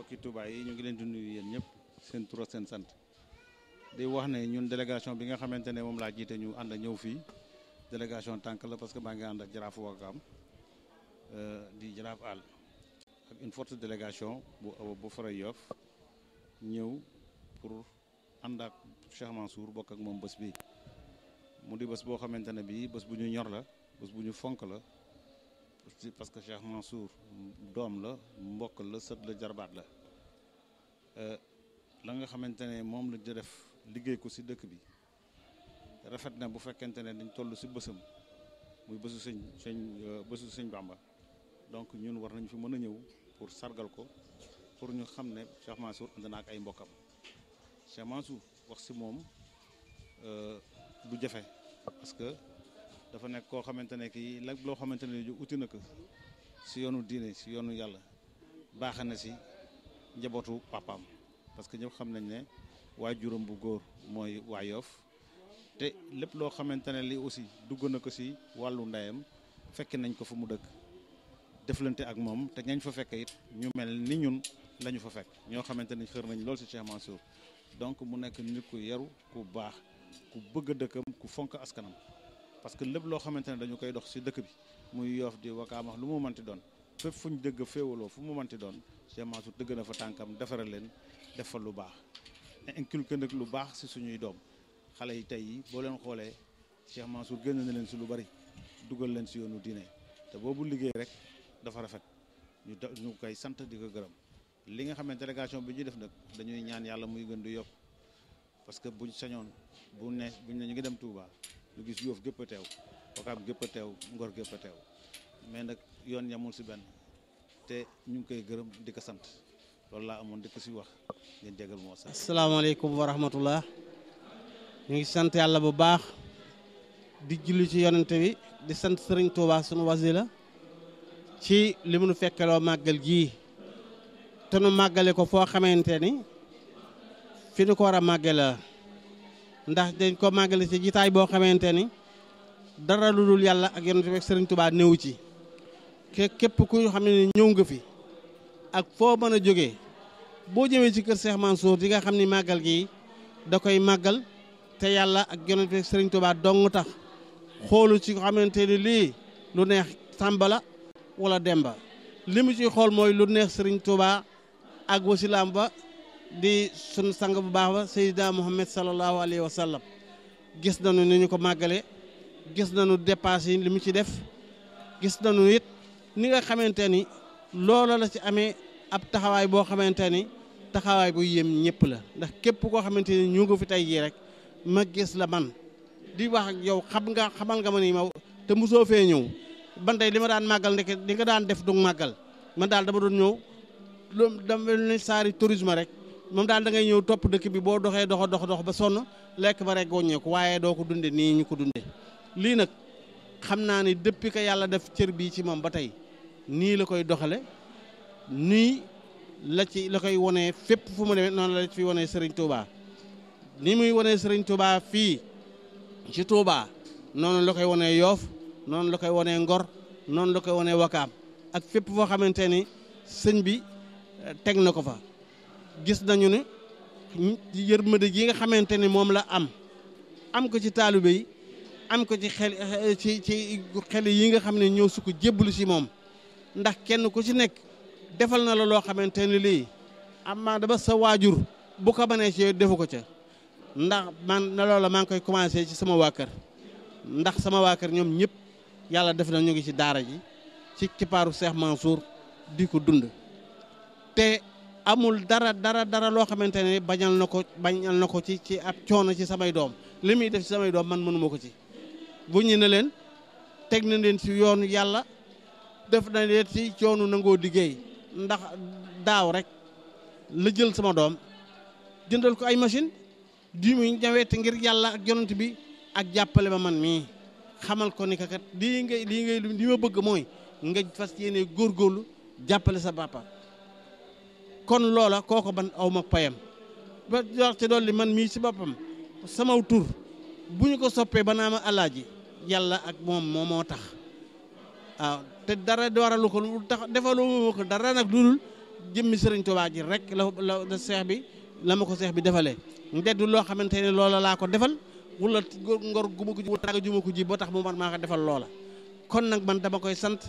mbokki Touba yi ñu ngi leen di nuyu yeen ñëpp seen tour seen sant di wax ne ñun délégation bi nga xamantene mom la jité ñu and ñew fi délégation tank la parce que ba nga and ak jaraafu Wakaam di jaraaf al ak une forte délégation bu bu Faray yof ñew pour and ak Cheikh Mansour bok ak mom bëss bi mu di bëss bo xamantene bi bëss bu ñu ñor la bëss bu ñu fonk la parce que Cheikh Mansour doom la mbokk la sët la jarbaat la euh, la nga xamante ne moom la ñu def liggéey ko si dëkk bi rafet na bu fekkente ne dañ toll si bësëm muy bësu sëñ sëñ euh, bësu sëñ Bàmba donc ñun war nañ fi mën a ñëw pour sargal ko pour ñu xam ne Cheikh Mansour ànd na ak ay mbokkam Cheikh Mansour wax si moom euh, du jafe parce dafa nekk koo xamante ne kii lépp loo xamante uti na si yoonu diine si yoonu yàlla baax si njabootu papam parce que ñëpp xam nañ ne waajuram bu góor mooy waayoof te lépp loo xamante ne li aussi dugg na ko si wàllu ndeyam fekk nañ ko fu mu dëkk deflante ak moom te ñañ fa fekk it ñu mel ni ñun lañu fa fekk xër nañ lool Cheikh Mansour donc mu nit ku yaru ku baax ku bëgg ku fonk askanam parce que lépp loo xamante ne dañu koy dox si dëkk bi muy yoof di wakaam wax lu mu manti doon fépp fu ñu dëgg féewaloo fu mu manti doon Cheikh Mansour dëgg na fa tànkam defaral leen def fa lu baax inculqué lu baax si suñuy doom xale yi tey yi boo leen xoolee Cheikh Mansour génn na leen si lu bari dugal leen si yoonu diine te boobu liggéey rek dafa rafet ñu ñu koy sant di ko gërëm li nga xam ne délégation bi ñuy def nag dañuy ñaan yàlla muy gën di yokk parce que buñ sañoon bu ne buñ ne ñu ngi dem Touba nga gis yoof gépp teew wakaam gépp a teew ngor gépp a teew mais nag yoon yamul si benn te ñu ngi koy gërëm di ko sant loolu laa amoon di ko si wax ngeen jégal moo sax asalaamaaleykum wa rahmatullah ñu ngi sant yàlla bu baax di julli ci yonente wi di sant sëriñ Touba sunu la ci li mu nu fekkeloo màggal gii te nu màggale ko foo xamante ni fi nu ko war a màggale la ndax dañ ko màggale ci jitaay boo xamante ni dara lu dul yàlla ak yonent bi ak sëriñ tubaa néewu ci képp ku xam ni ñëw nga fi ak foo mën a jóge boo jëmee ci kër seex Mansour di nga xam ni màggal gi da koy màggal te yàlla ak yonent bi ak sëriñ tubaa dong tax xoolu ci xamante ni lii lu neex Sàmba la wala Demba li mu ci xool mooy lu neex sëriñ tubaa ak wasilaam ba di sunu sang bu baax ba Seydina Muhammad sallallahu alayhi wa sallam gis nañu ni ñu ko màggale gis nañu dépense yi li mu ci def gis nañu it ni nga xamante ni loola la ci amee ab taxawaay boo xamante ni taxawaay bu yéem ñëpp la ndax képp koo xamante ni ñu ngi fi tey jii rek ma gis la man di wax ak yow xam nga xamal nga ma ni ma te musoo fee ñëw ban tey li ma daan màggal ndeke di nga daan def du màggal man daal dama doon ñëw lu dama ne saari tourisme rek moom daal da ngay ñëw topp dëkk bi boo doxee dox dox dox ba sonn lekk ba rek goññeeku waaye doo ko dunde nii ñu ko dunde lii nag xam naa ni depuis que yàlla def cër bii ci moom ba tey nii la koy doxale nii la ci la koy wonee fépp fu mu demee noonu la ci wonee Serigne Touba ni muy wonee Serigne Touba fii ci Touba noonu la koy wonee Yoof noonu la koy wonee Ngor noonu la koy wonee Wakaam ak fépp foo xamante ni sëñ bi eh, teg na ko fa gis nañu ne yërmande jii nga xamante ne moom la am am ko ci taalibe yi am ko ci xel ci xel yi nga xam ne ñëw su ko jébbalu si moom ndax kenn ku ci nekk defal na la loo xamante ne lii amaa dama sa waajur bu ko mënee ci defu ko ca ndax man na loola maa ngi koy commencé ci sama waa kër ndax sama waa kër ñoom ñëpp yàlla def na ñu ngi ci daara ji ci ci kippaaru Cheikh Mansour di ko dund te amul dara dara dara loo xamante ne bañal na ko bañal na ko ci ci ab coono ci samay doom li muy def ci samay doom man mënuma ko ci bu ñu ne leen teg na leen ci yoonu yàlla def na leen ci coono nangoo liggéey ndax daaw rek la jël sama doom jëndal ko ay machine di muy ñaweete ngir yàlla ak yonent bi ak jàppale ma man mii xamal ko ni kat lii ngay lii ngay li ma bëgg mooy nga fas góor góorlu jàppale sa papa kon loola kooko ban aw ma payam ba wax ci dolli man mii si boppam samaw tur bu ñu ko soppee ba naa ma alaaji yàlla ak moom moo moo tax waaw te dara waralu ko lu tax defalu ma dara nag lu dul jëmmi sëriñ Tuubaa ji rek la la seex bi la ma ko seex bi defalee ndeddu loo xamante ne loola laa ko defal wala ngor gu ma ko ji wala ko ji ba tax mu man maa ko defal loola kon nag man dama koy sant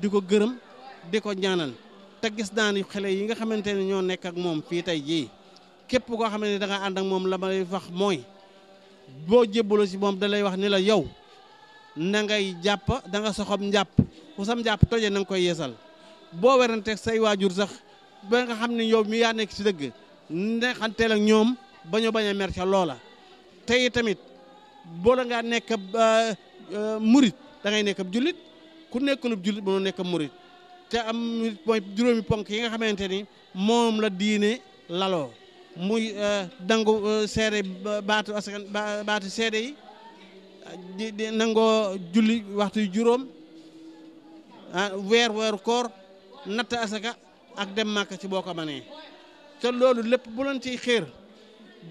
di ko gërëm di ko ñaanal te gis naa ni xele yi nga xamante ne ñoo nekk ak moom fii tey jii képp koo xam ne da ànd ak moom la may wax mooy boo jébbaloo ci moom dalay wax ni la yow na ngay jàpp da nga soxam njàpp ku sam njàpp toje na nga koy yeesal boo weranteeg say waajur sax ba nga xam ne yow mi yaa nekk ci dëgg neexanteel ak ñoom bañu bañ a mer ca loola tey tamit boo la ngaa nekk ab euh, euh, murit da ngay nekk ab jullit ku nekkulub jullit mënoo nekk ab murit te am mooy juroomi ponk yi nga xamanteni ni moom la diine lalo muy dango euh, euh, séré baatu askan baatu séré yi di nango julli waxtu juroom ah, wer wer weeru koor natt asaka ak dem makka ci boko mané manee te loolu lépp bu lan ci xéer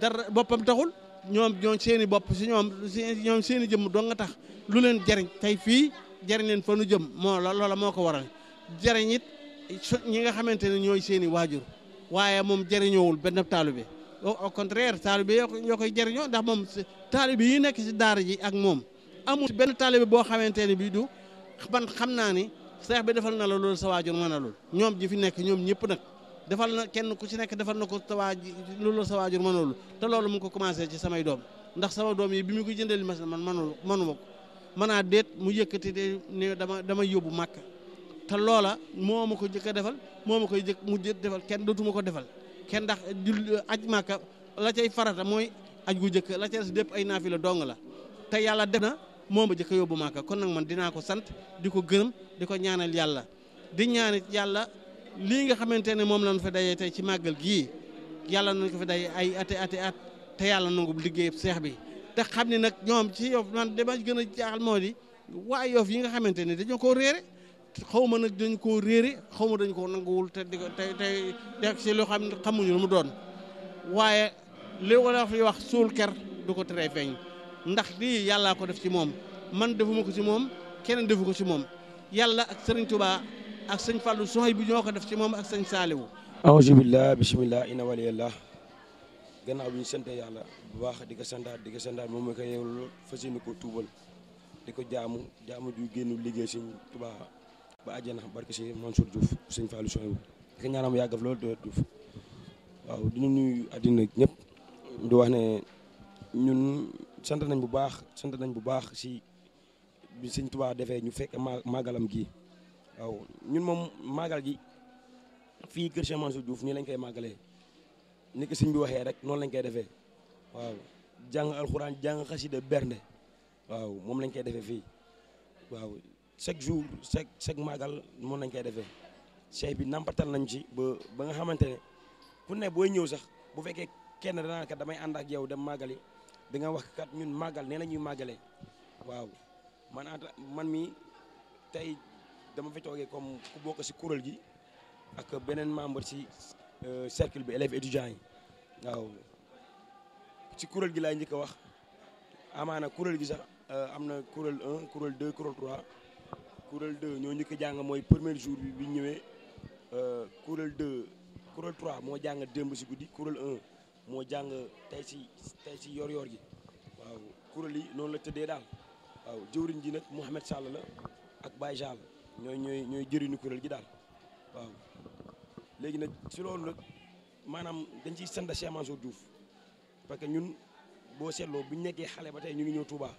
dar bopam taxul ñom ñoom seeni bop ci ñom ñom seeni jëm do nga tax lu leen jariñ tay fi jariñ leen fa nu jëm mo lolu moko waral jariñ it ñi nga xamante ne ñooy seeni waajur waaye moom jariñoowul benn taalibe au contraire taalibe yoo koy jariñoo ndax moom taalibe yi nekk si daara ji ak moom amul benn taalibe boo xamante ne bii du man xam naa ni seex bi defal na la loolu sa waajur mën a lool ñoom ji fi nekk ñoom ñëpp nag defal na kenn ku ci nekk defal na ko sa waajur loolu sa waajur mën a lool mu ko commencé ci samay doom ndax sama doom yi bi mu ko jëndee li ma man mënu ko mën a déet mu yëkkati ne dama dama yóbbu màkk te loola moo ma ko jëkk a defal moo ma koy jëkk mu jëkk defal kenn dootuma ko defal kenn ndax julli aj màkka la cay farata mooy aj gu jëkk la cay dépp ay naafi la dong la te yàlla def na moo ma jëkk a yóbbu màkka kon nag man dinaa ko sant di ko gërëm di ko ñaanal yàlla di ñaanit yàlla lii nga xamante ne moom lañ fa dajee tey ci màggal gii yàlla nu ko fi ay ate at te yàlla nangu liggéey seex bi te xam ne nag ñoom ci yof man dama gën a jaaxal moo di waa yoof yi nga xamante ne dañoo ko réere xaw ma nag dañ koo réere xaw ma dañ koo nanguwul te di ko tey tey teg si loo xam ne xamuñu lu mu doon waaye li wala fi wax suul ker du ko teree feeñ ndax lii yàllaa ko def ci moom man defuma ko ci moom keneen defu ko ci moom yàlla ak sëriñ Tuubaa ak sëñ Fallou soxay bi ñoo ko def ci moom ak sëñ Saaliwu aouzu billah inawal ina gannaaw bi ñu sant yàlla bu wax di ko santaat di ko santaat moom mooy ko yeewlu fas yéene ko tuubal di ko jaamu jaamu ju génn liggéey sëñ Tuubaa ba na barke si Mansour Diouf sëñ Fallou Sow ak ñaanam yàggaf loolu do Diouf waaw di nuyu àddina ñëpp di wax ne ñun sant nañ bu baax sant nañ bu baax si bi sëñ Tuubaa defee ñu fekk magalam gi waaw ñun mom magal gi fi kër Cheikh Mansour Diouf nii lañ koy màggalee ni ko sëñ bi waxee rek noonu lañ koy defee waaw jàng alxuraan jang xasida bernde waaw moom lañ koy defee fi waaw chaque jour chaque chaque màggal moom lañ koy defee cheikh bi nampatal nañ ci ba ba nga xamante ne ku ne booy ñëw sax bu fekkee kenn danaa kat damay ànd ak yow dem màggali di nga wax kat ñun màggal nee na ñuy màggalee waaw man man mi tey dama fi toogee comme ku bokk si kuréel gi ak beneen membre si euh, cercle bi élèves étudiants yi waaw si kuréel gi laay njëkk a wax amaana kuréel gi sax euh, am na kuréel 1 kuréel 2 kuréel 3 kuréel 2 ñoo njëkk jàng mooy premier jour bi bi ñëwee kuréel 2 kuréel 3 moo jàng démb si guddi kuréel moo jàng tey si tey si yor-yor gi waaw kuréel yi noonu la tëddee daal waaw jëwriñ ji nag Mouhamed Sall la ak Baye Sall ñooy ñooy ñooy jëriñu kuréel gi daal waaw léegi nag si loolu nag maanaam dañ ciy sant Cheikh Mansour Diouf parce que ñun boo seetloo bu ñu nekkee xale ba tey ñu ngi ñëw Touba.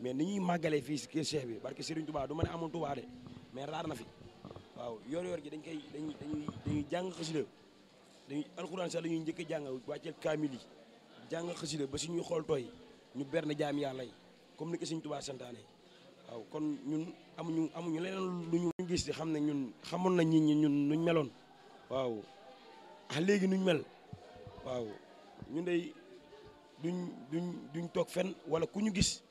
mais ni ñi magalé fi ci Cheikh bi barké Serigne Touba du mëna amon Touba dé mais rar na fi waaw yor-yor gi dañ koy dañ dañ dañ jang xasida dañ alcorane sax la ñëk jang waccé kamili jang kaamil ba si ñuy xool tooy ñu berne jaam yàlla yi comme ni ko Serigne Touba santaane waaw kon ñun amuñu amuñu leneen lu ñu gis ci xamna ñun xamoon na ñin ñi ñun nuñ meloon waaw ah légui nuñ mel waaw ñun day duñ duñ duñ tok fen wala kuñu gis.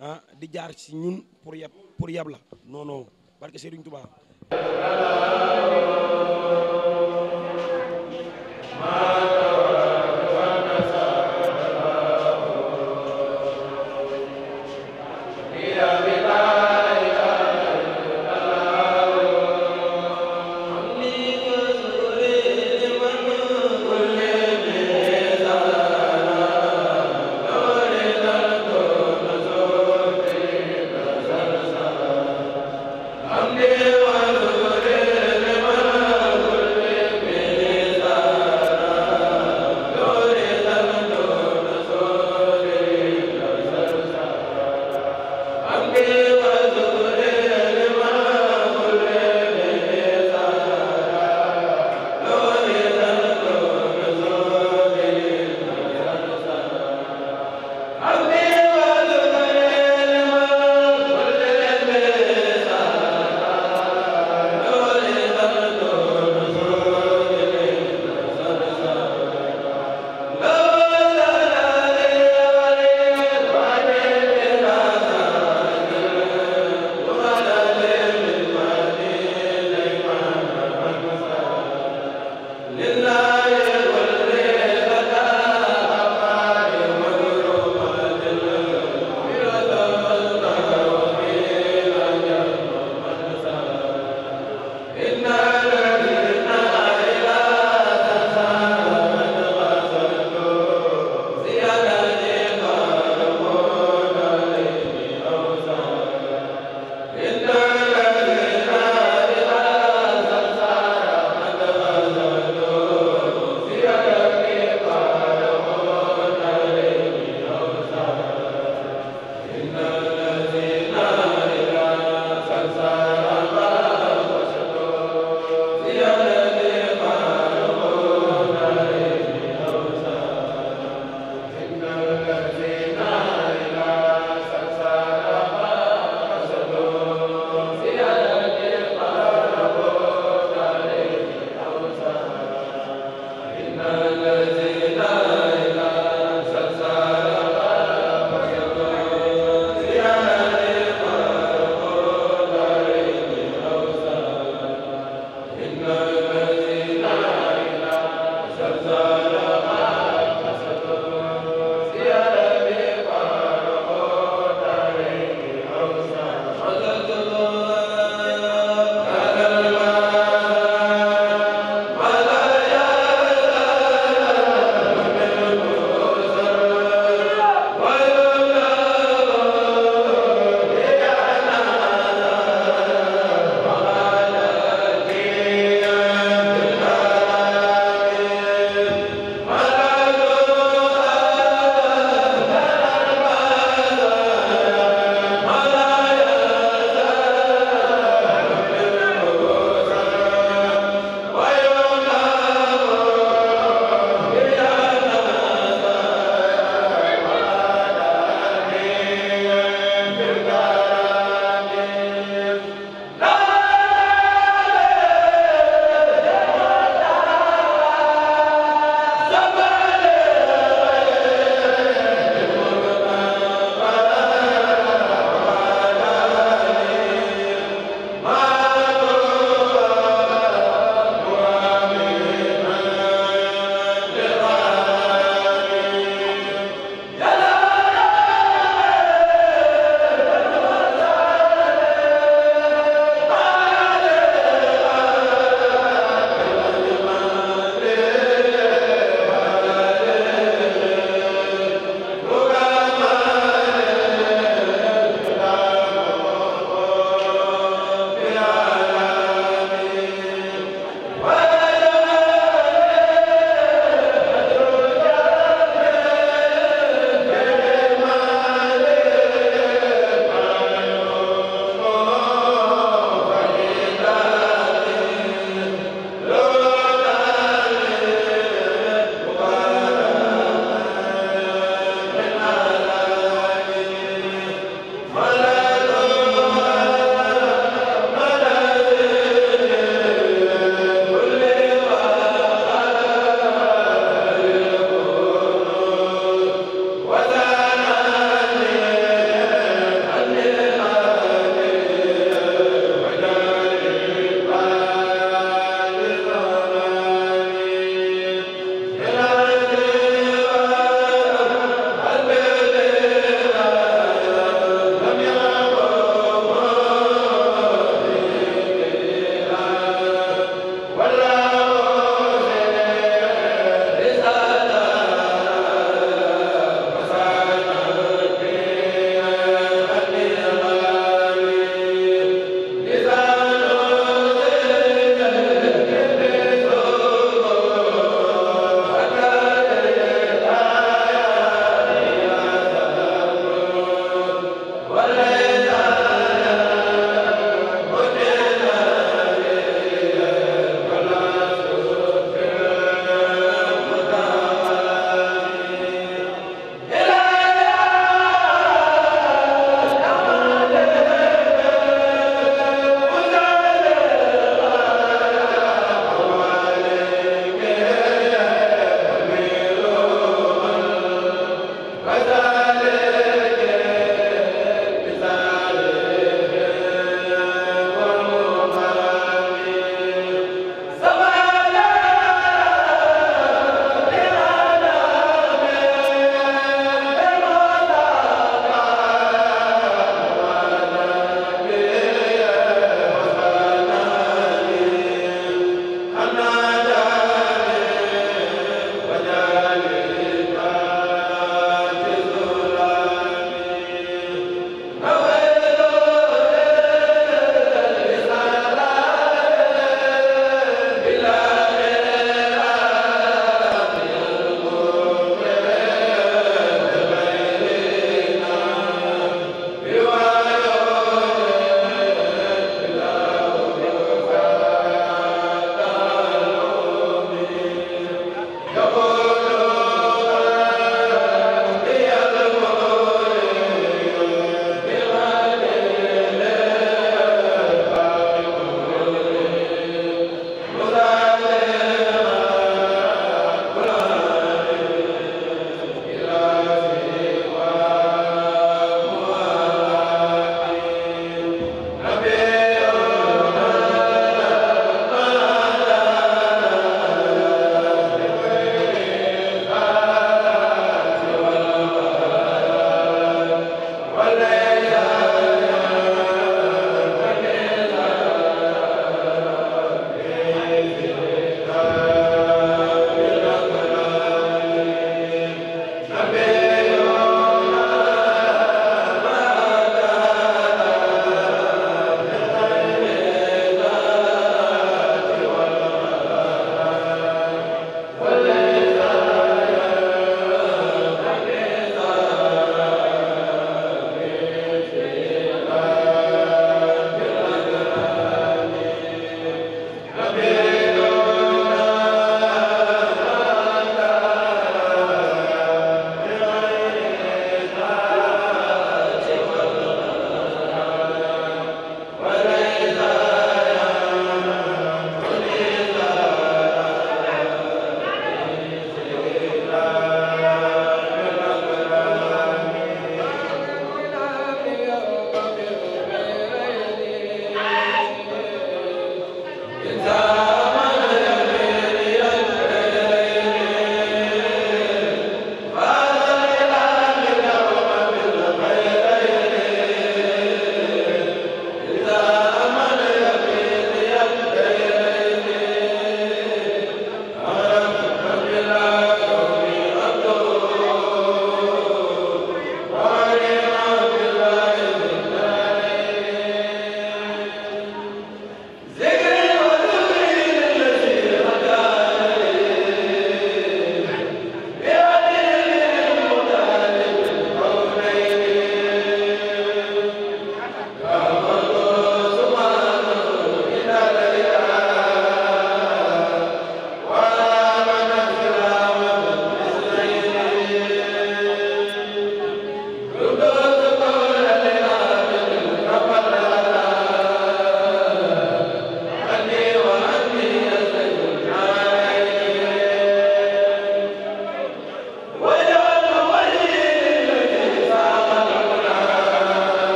ah di jaar si ñun pour yeb pour yeb la non non barke Serigne Touba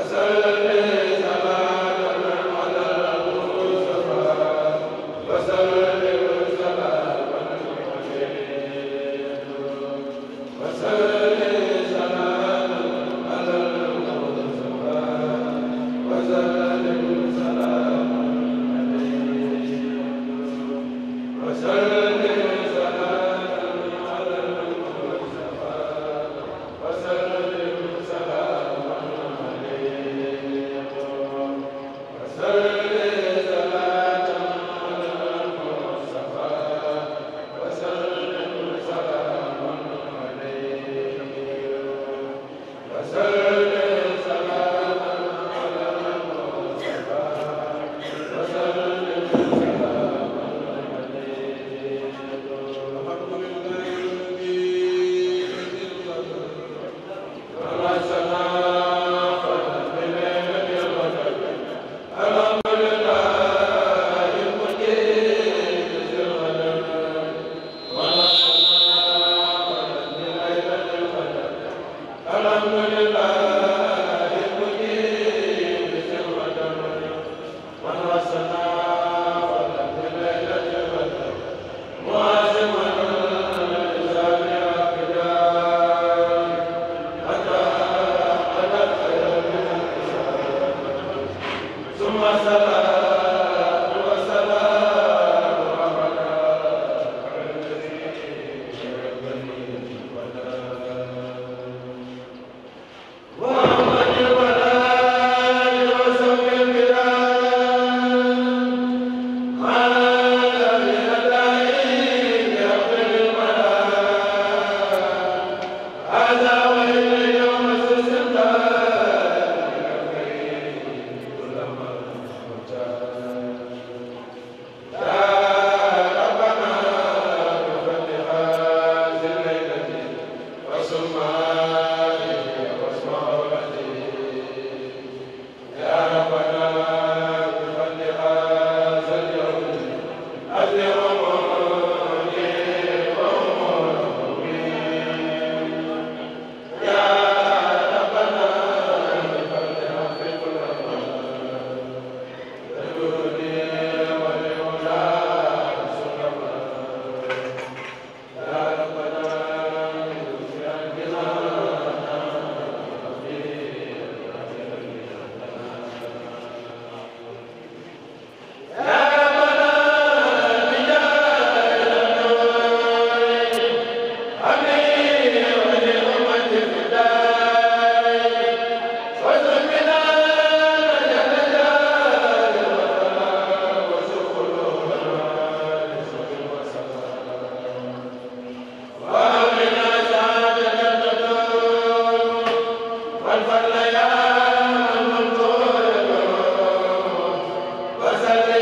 وسلم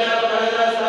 la